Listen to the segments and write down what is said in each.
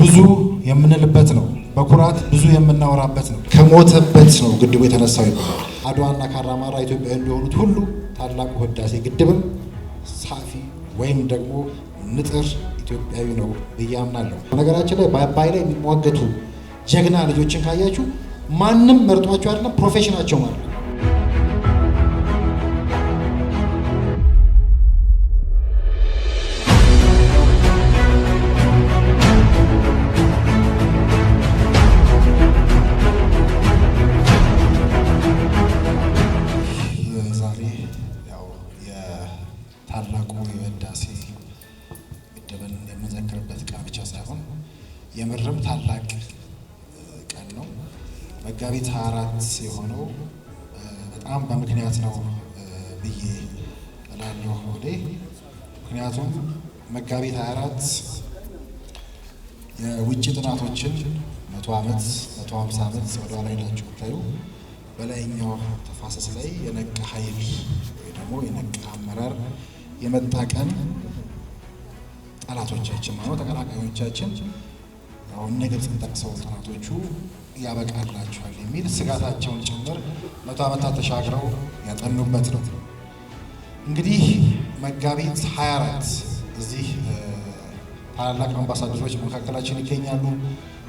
ብዙ የምንልበት ነው። በኩራት ብዙ የምናወራበት ነው። ከሞተበት ነው ግድቡ የተነሳው አድዋና ካራማራ ኢትዮጵያ እንደሆኑት ሁሉ ታላቁ ህዳሴ ግድብም ሳፊ ወይም ደግሞ ንጥር ኢትዮጵያዊ ነው ብዬ አምናለሁ። በነገራችን ላይ በአባይ ላይ የሚሟገቱ ጀግና ልጆችን ካያችሁ ማንም መርጧቸው አይደለም ፕሮፌሽናቸው ማለት ነው የምርም ታላቅ ቀን ነው። መጋቢት 24 የሆነው በጣም በምክንያት ነው ብዬ እላለሁ ወዴ ምክንያቱም መጋቢት 24 የውጭ ጥናቶችን መቶ ዓመት መቶ ሃምሳ ዓመት ወደኋላ ሄዳችሁ ብታዩ በላይኛው ተፋሰስ ላይ የነቃ ኃይል ወይ ደግሞ የነቃ አመራር የመጣ ቀን ጠላቶቻችን ማለት ተቀላቃዮቻችን ያቀረበው ነገር ስንጠቅሰው ጥናቶቹ ያበቃላቸዋል የሚል ስጋታቸውን ጭምር መቶ ዓመታት ተሻግረው ያጠኑበት ነው። እንግዲህ መጋቢት 24 እዚህ ታላላቅ አምባሳደሮች መካከላችን ይገኛሉ።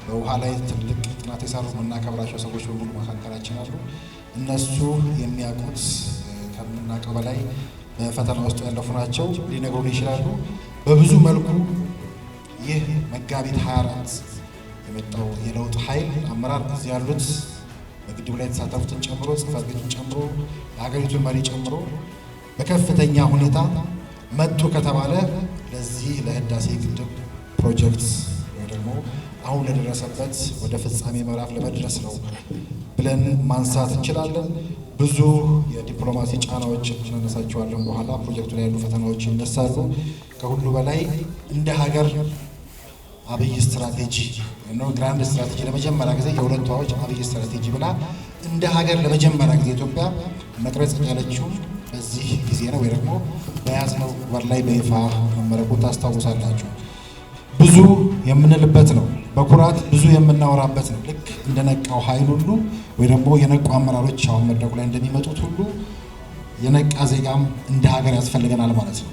በውሃ ላይ ትልቅ ጥናት የሰሩ የምናከብራቸው ሰዎች በሙሉ መካከላችን አሉ። እነሱ የሚያውቁት ከምናውቀው በላይ በፈተና ውስጥ ያለፉ ናቸው፣ ሊነግሩን ይችላሉ። በብዙ መልኩ ይህ መጋቢት 24 የመጣው የለውጥ ኃይል አመራር እዚህ ያሉት በግድቡ ላይ የተሳተፉትን ጨምሮ ጽሕፈት ቤቱን ጨምሮ የሀገሪቱን መሪ ጨምሮ በከፍተኛ ሁኔታ መጡ ከተባለ ለዚህ ለህዳሴ ግድብ ፕሮጀክት ወይ ደግሞ አሁን ለደረሰበት ወደ ፍጻሜ ምዕራፍ ለመድረስ ነው ብለን ማንሳት እንችላለን። ብዙ የዲፕሎማሲ ጫናዎች እናነሳቸዋለን። በኋላ ፕሮጀክቱ ላይ ያሉ ፈተናዎች ይነሳሉ። ከሁሉ በላይ እንደ ሀገር አብይ ስትራቴጂ ግራንድ ስትራቴጂ ለመጀመሪያ ጊዜ የሁለቱ አዎች አብይ ስትራቴጂ ብላ እንደ ሀገር ለመጀመሪያ ጊዜ ኢትዮጵያ መቅረጽ ያለችው በዚህ ጊዜ ነው ወይ ደግሞ በያዝነው ወር ላይ በይፋ መመረቁ ታስታውሳላችሁ። ብዙ የምንልበት ነው፣ በኩራት ብዙ የምናወራበት ነው። ልክ እንደነቃው ኃይል ሁሉ ወይ ደግሞ የነቁ አመራሮች አሁን መድረኩ ላይ እንደሚመጡት ሁሉ የነቃ ዜጋም እንደ ሀገር ያስፈልገናል ማለት ነው።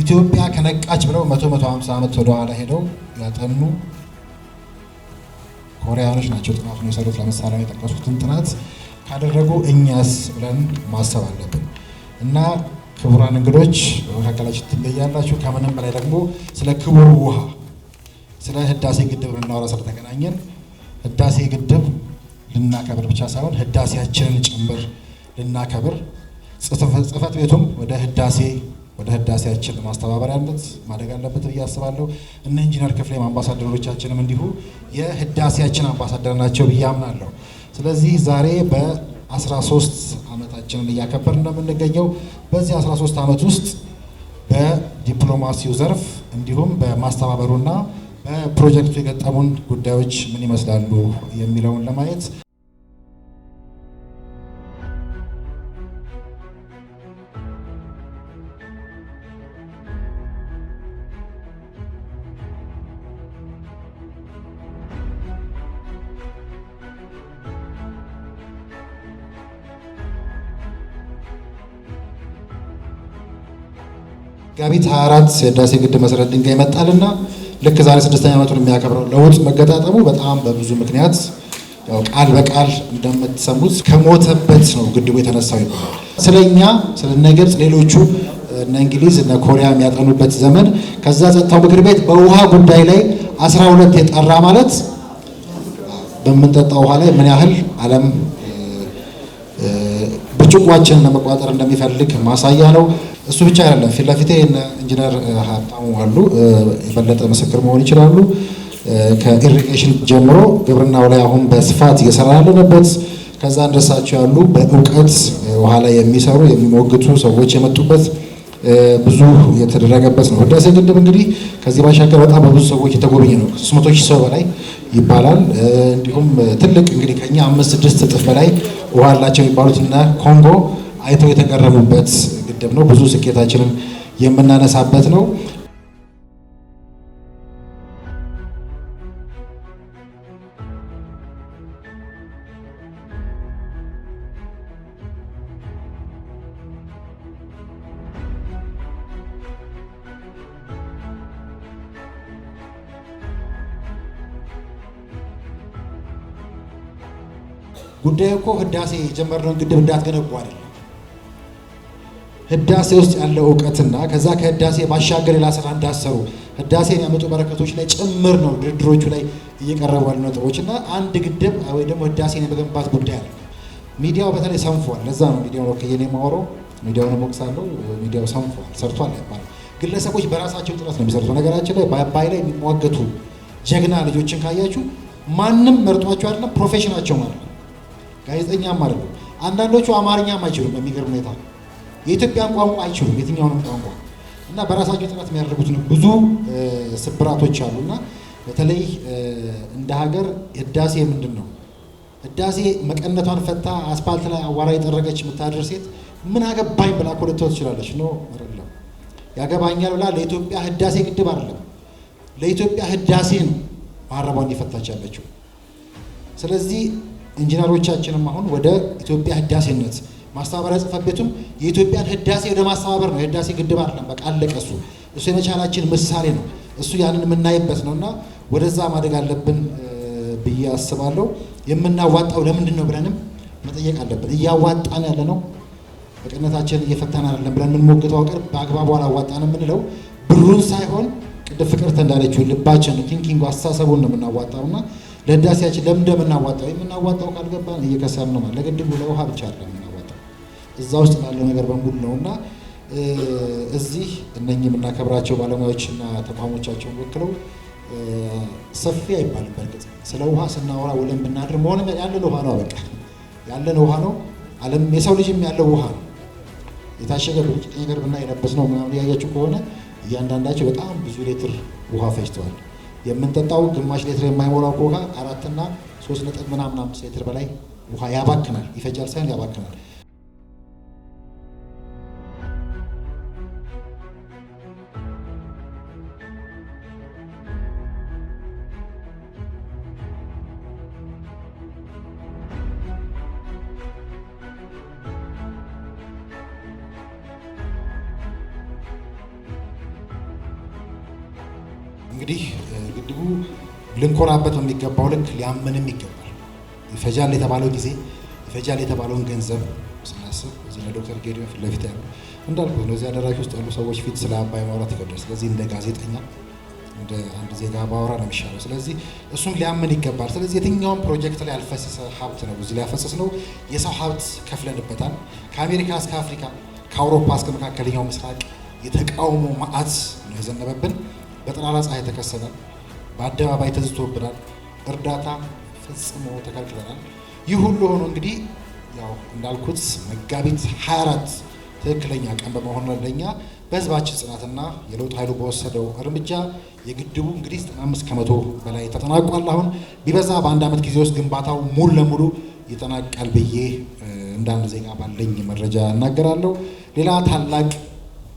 ኢትዮጵያ ከነቃች ብለው መቶ መቶ ሀምሳ ዓመት ወደኋላ ሄደው ያጠኑ ኮሪያኖች ናቸው ጥናቱን የሰሩት። ለምሳሌ የጠቀሱትን ጥናት ካደረጉ እኛስ ብለን ማሰብ አለብን እና ክቡራን እንግዶች በመካከላችን ትለያላችሁ። ከምንም በላይ ደግሞ ስለ ክቡር ውሃ ስለ ህዳሴ ግድብ ልናወራ ስለተገናኘን ህዳሴ ግድብ ልናከብር ብቻ ሳይሆን ህዳሴያችንን ጭምር ልናከብር ጽህፈት ቤቱም ወደ ህዳሴ ወደ ህዳሴያችን ማስተባበር ያለት ማደግ አለበት ብዬ አስባለሁ። እነ ኢንጂነር ክፍሌም አምባሳደሮቻችንም እንዲሁ የህዳሴያችን አምባሳደር ናቸው ብዬ አምናለሁ። ስለዚህ ዛሬ በ13 ዓመታችንን እያከበር እንደምንገኘው በዚህ 13 ዓመት ውስጥ በዲፕሎማሲው ዘርፍ እንዲሁም በማስተባበሩና በፕሮጀክቱ የገጠሙን ጉዳዮች ምን ይመስላሉ የሚለውን ለማየት መጋቢት 24 የህዳሴ ግድብ መሰረት ድንጋይ ይመጣልና ልክ ዛሬ ስድስተኛ ዓመቱን የሚያከብረው ለውጥ መገጣጠሙ በጣም በብዙ ምክንያት ያው ቃል በቃል እንደምትሰሙት ከሞተበት ነው ግድቡ የተነሳው ይባላል። ስለ እኛ ስለ እነ ግብፅ ሌሎቹ እነ እንግሊዝ እነ ኮሪያ የሚያጠኑበት ዘመን ከዛ ጸጥታው ምክር ቤት በውሃ ጉዳይ ላይ 12 ሁለት የጠራ ማለት በምንጠጣው ውሃ ላይ ምን ያህል ዓለም ብርጭቋችንን ለመቋጠር እንደሚፈልግ ማሳያ ነው። እሱ ብቻ አይደለም። ፊት ለፊቴ እነ ኢንጂነር ሀብታሙ አሉ፣ የበለጠ ምስክር መሆን ይችላሉ። ከኢሪጌሽን ጀምሮ ግብርናው ላይ አሁን በስፋት እየሰራ ያለንበት ከዛ እንደሳቸው ያሉ በእውቀት ውሃ ላይ የሚሰሩ የሚሞግቱ ሰዎች የመጡበት ብዙ የተደረገበት ነው። ህዳሴ ግድብ እንግዲህ ከዚህ ባሻገር በጣም በብዙ ሰዎች የተጎበኘ ነው። ሶስት መቶ ሺህ ሰው በላይ ይባላል። እንዲሁም ትልቅ እንግዲህ ከኛ አምስት ስድስት እጥፍ በላይ ውሃ አላቸው የሚባሉት እና ኮንጎ አይተው የተቀረቡበት ግድብ ነው። ብዙ ስኬታችንን የምናነሳበት ነው። ጉዳዩ እኮ ህዳሴ የጀመርነውን ግድብ እንዳትገነቡ አይደለም። ህዳሴ ውስጥ ያለው እውቀትና ከዛ ከህዳሴ ባሻገር ሌላ ስራ እንዳሰሩ ህዳሴ የሚያመጡ በረከቶች ላይ ጭምር ነው ድርድሮቹ ላይ እየቀረቡ ያሉ ነጥቦች እና አንድ ግድብ ወይ ደግሞ ህዳሴን የመገንባት ጉዳይ አለ። ሚዲያው በተለይ ሰንፏል። ለዛ ነው ሚዲያው ነው ከየኔ ማወራው ሚዲያውን ሞቅሳለሁ። ሚዲያው ሰንፏል፣ ሰርቷል ይባላል። ግለሰቦች በራሳቸው ጥረት ነው የሚሰሩት። ነገራችን ላይ በአባይ ላይ የሚሟገቱ ጀግና ልጆችን ካያችሁ ማንም መርጧቸው አይደለም፣ ፕሮፌሽናቸው ማለት ነው። ጋዜጠኛም አይደለም። አንዳንዶቹ አማርኛም አይችሉም በሚገርም ሁኔታ የኢትዮጵያን ቋንቋ አይችሉም፣ የትኛውንም ቋንቋ እና በራሳቸው ጥረት የሚያደርጉት ነው። ብዙ ስብራቶች አሉ እና በተለይ እንደ ሀገር ህዳሴ ምንድን ነው? ህዳሴ መቀነቷን ፈታ አስፓልት ላይ አዋራ የጠረገች የምታደር ሴት ምን አገባኝ ብላ እኮ ልትወት ትችላለች። ኖ አይደለም ያገባኛል ብላ ለኢትዮጵያ ህዳሴ ግድብ አይደለም ለኢትዮጵያ ህዳሴ ነው ማረቧን እየፈታች ያለችው። ስለዚህ ኢንጂነሮቻችንም አሁን ወደ ኢትዮጵያ ህዳሴነት ማስተባበሪያ ጽሕፈት ቤቱም የኢትዮጵያን ህዳሴ ወደ ማስተባበር ነው። የህዳሴ ግድብ አይደለም፣ በቃ አለቀ። እሱ እሱ የመቻላችን ምሳሌ ነው። እሱ ያንን የምናይበት ነው እና ወደዛ ማደግ አለብን ብዬ አስባለሁ። የምናዋጣው ለምንድን ነው ብለንም መጠየቅ አለብን። እያዋጣን ያለ ነው በቅነታችን እየፈታን አይደለም ብለን የምንሞግተው አውቀር በአግባቡ አላዋጣን የምንለው ብሩን ሳይሆን ቅድም ፍቅርተ እንዳለችው ልባችን ቲንኪንግ አስተሳሰቡን ነው የምናዋጣው እና ለህዳሴያችን ለምን እንደምናዋጣው የምናዋጣው ካልገባን እየከሰርን ነው። ለግድቡ ለውሃ ብቻ አይደለም እዛ ውስጥ ላለው ነገር በሙሉ ነው እና እዚህ እነኚህ የምናከብራቸው ባለሙያዎችና ተቋሞቻቸውን ወክለው ሰፊ አይባልም። በእርግጥ ስለ ውሃ ስናወራ ውለን ብናድር መሆን ያለን ውሃ ነው። በቃ ያለን ውሃ ነው። ዓለም የሰው ልጅም ያለው ውሃ ነው። የታሸገ ብርጭ ነገር ብና የለበስ ነው ምናምን ያያችሁ ከሆነ እያንዳንዳቸው በጣም ብዙ ሌትር ውሃ ፈጅተዋል። የምንጠጣው ግማሽ ሌትር የማይሞላው ከውሃ አራትና ሶስት ነጥብ ምናምን አምስት ሌትር በላይ ውሃ ያባክናል። ይፈጃል ሳይሆን ያባክናል። እንግዲህ ግድቡ ልንኮራበት በሚገባው ልክ ሊያመንም ይገባል። ይፈጃል የተባለው ጊዜ ይፈጃል የተባለውን ገንዘብ ስናስብ እዚህ ለዶክተር ጌዲዮን ፊት ለፊት ያሉ እንዳልኩ እነዚህ አዳራሽ ውስጥ ያሉ ሰዎች ፊት ስለ አባይ ማውራት ይፈዳል። ስለዚህ እንደ ጋዜጠኛ እንደ አንድ ዜጋ ባወራ ነው የሚሻለው። ስለዚህ እሱን ሊያምን ይገባል። ስለዚህ የትኛውም ፕሮጀክት ላይ ያልፈሰሰ ሀብት ነው እዚህ ሊያፈሰስ ነው። የሰው ሀብት ከፍለንበታል። ከአሜሪካ እስከ አፍሪካ፣ ከአውሮፓ እስከ መካከለኛው ምስራቅ የተቃውሞ ማዕት ነው የዘነበብን። በጠራራ ፀሐይ ተከሰናል። በአደባባይ ተዝቶብናል። እርዳታ ፈጽሞ ተከልክለናል። ይህ ሁሉ ሆኖ እንግዲህ ያው እንዳልኩት መጋቢት 24 ትክክለኛ ቀን በመሆኑ ለኛ በህዝባችን ጽናትና የለውጥ ኃይሉ በወሰደው እርምጃ የግድቡ እንግዲህ 95 ከመቶ በላይ ተጠናቋል። አሁን ቢበዛ በአንድ ዓመት ጊዜ ውስጥ ግንባታው ሙሉ ለሙሉ ይጠናቃል ብዬ እንዳንድ ዜጋ ባለኝ መረጃ እናገራለሁ። ሌላ ታላቅ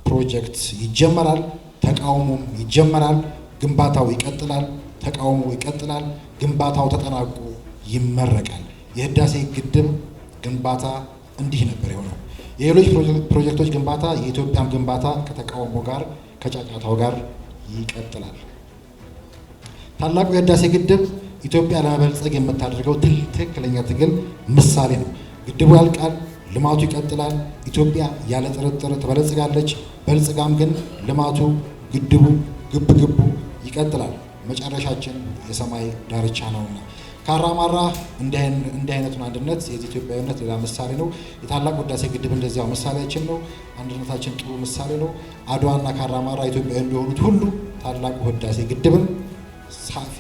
ፕሮጀክት ይጀመራል። ተቃውሞም ይጀመራል፣ ግንባታው ይቀጥላል፣ ተቃውሞ ይቀጥላል፣ ግንባታው ተጠናቆ ይመረቃል። የህዳሴ ግድብ ግንባታ እንዲህ ነበር የሆነው። የሌሎች ፕሮጀክቶች ግንባታ የኢትዮጵያን ግንባታ ከተቃውሞ ጋር ከጫጫታው ጋር ይቀጥላል። ታላቁ የህዳሴ ግድብ ኢትዮጵያ ለመበልጸግ የምታደርገው ትክክለኛ ትግል ምሳሌ ነው። ግድቡ ያልቃል፣ ልማቱ ይቀጥላል። ኢትዮጵያ ያለ ጥርጥር ትበለጽጋለች። በልጽጋም ግን ልማቱ ግድቡ ግብ ግቡ ይቀጥላል። መጨረሻችን የሰማይ ዳርቻ ነውና ካራማራ እንዲህ አይነቱን አንድነት የዚህ ኢትዮጵያዊነት ሌላ ምሳሌ ነው። የታላቅ ህዳሴ ግድብ እንደዚያው ምሳሌያችን ነው። አንድነታችን ጥሩ ምሳሌ ነው። አድዋና ካራማራ ኢትዮጵያዊ እንደሆኑት ሁሉ ታላቁ ህዳሴ ግድብን ሳፊ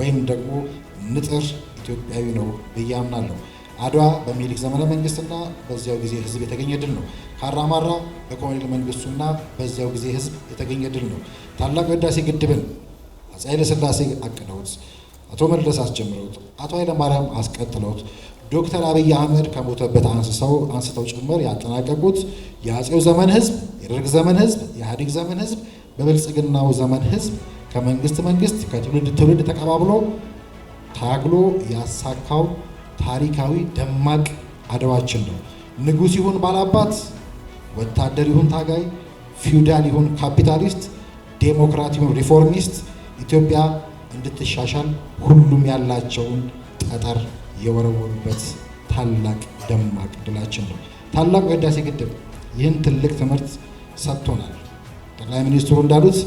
ወይም ደግሞ ንጥር ኢትዮጵያዊ ነው ብዬ አምናለሁ። አድዋ በሚኒሊክ ዘመነ መንግስትና በዚያው ጊዜ ህዝብ የተገኘ ድል ነው። ካራማራ በኮሎኔል መንግስቱና በዚያው ጊዜ ህዝብ የተገኘ ድል ነው። ታላቁ ህዳሴ ግድብን አፄ ኃይለስላሴ አቅደውት፣ አቶ መለስ አስጀምረውት፣ አቶ ኃይለማርያም አስቀጥለውት፣ ዶክተር አብይ አህመድ ከሞተበት አንስተው አንስተው ጭምር ያጠናቀቁት የአጼው ዘመን ህዝብ፣ የደርግ ዘመን ህዝብ፣ የኢህአዴግ ዘመን ህዝብ፣ በብልጽግናው ዘመን ህዝብ ከመንግስት መንግስት ከትውልድ ትውልድ ተቀባብሎ ታግሎ ያሳካው ታሪካዊ ደማቅ አድዋችን ነው። ንጉስ ይሁን ባላባት፣ ወታደር ይሁን ታጋይ፣ ፊውዳል ይሁን ካፒታሊስት፣ ዴሞክራት ይሁን ሪፎርሚስት ኢትዮጵያ እንድትሻሻል ሁሉም ያላቸውን ጠጠር የወረወሩበት ታላቅ ደማቅ ድላችን ነው። ታላቁ የህዳሴ ግድብ ይህን ትልቅ ትምህርት ሰጥቶናል። ጠቅላይ ሚኒስትሩ እንዳሉት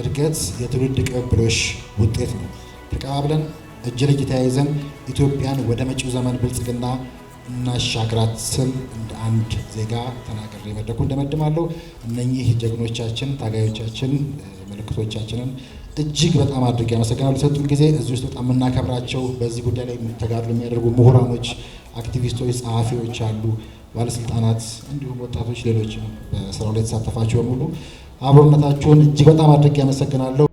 እድገት የትውልድ ቅብብሎሽ ውጤት ነው። ተቀባብለን እጅ ለእጅ ተያይዘን ኢትዮጵያን ወደ መጪው ዘመን ብልጽግና እናሻግራት ስል እንደ አንድ ዜጋ ተናግሬ መድረኩ እንደመድማለሁ። እነኚህ ጀግኖቻችን፣ ታጋዮቻችን፣ ምልክቶቻችንን እጅግ በጣም አድርጌ አመሰግናለሁ ሰጡን ጊዜ። እዚህ ውስጥ በጣም የምናከብራቸው በዚህ ጉዳይ ላይ ተጋድሎ የሚያደርጉ ምሁራኖች፣ አክቲቪስቶች፣ ጸሐፊዎች አሉ፣ ባለስልጣናት፣ እንዲሁም ወጣቶች፣ ሌሎች በስራው ላይ የተሳተፋችሁ በሙሉ አብሮነታችሁን እጅግ በጣም አድርጌ ያመሰግናለሁ።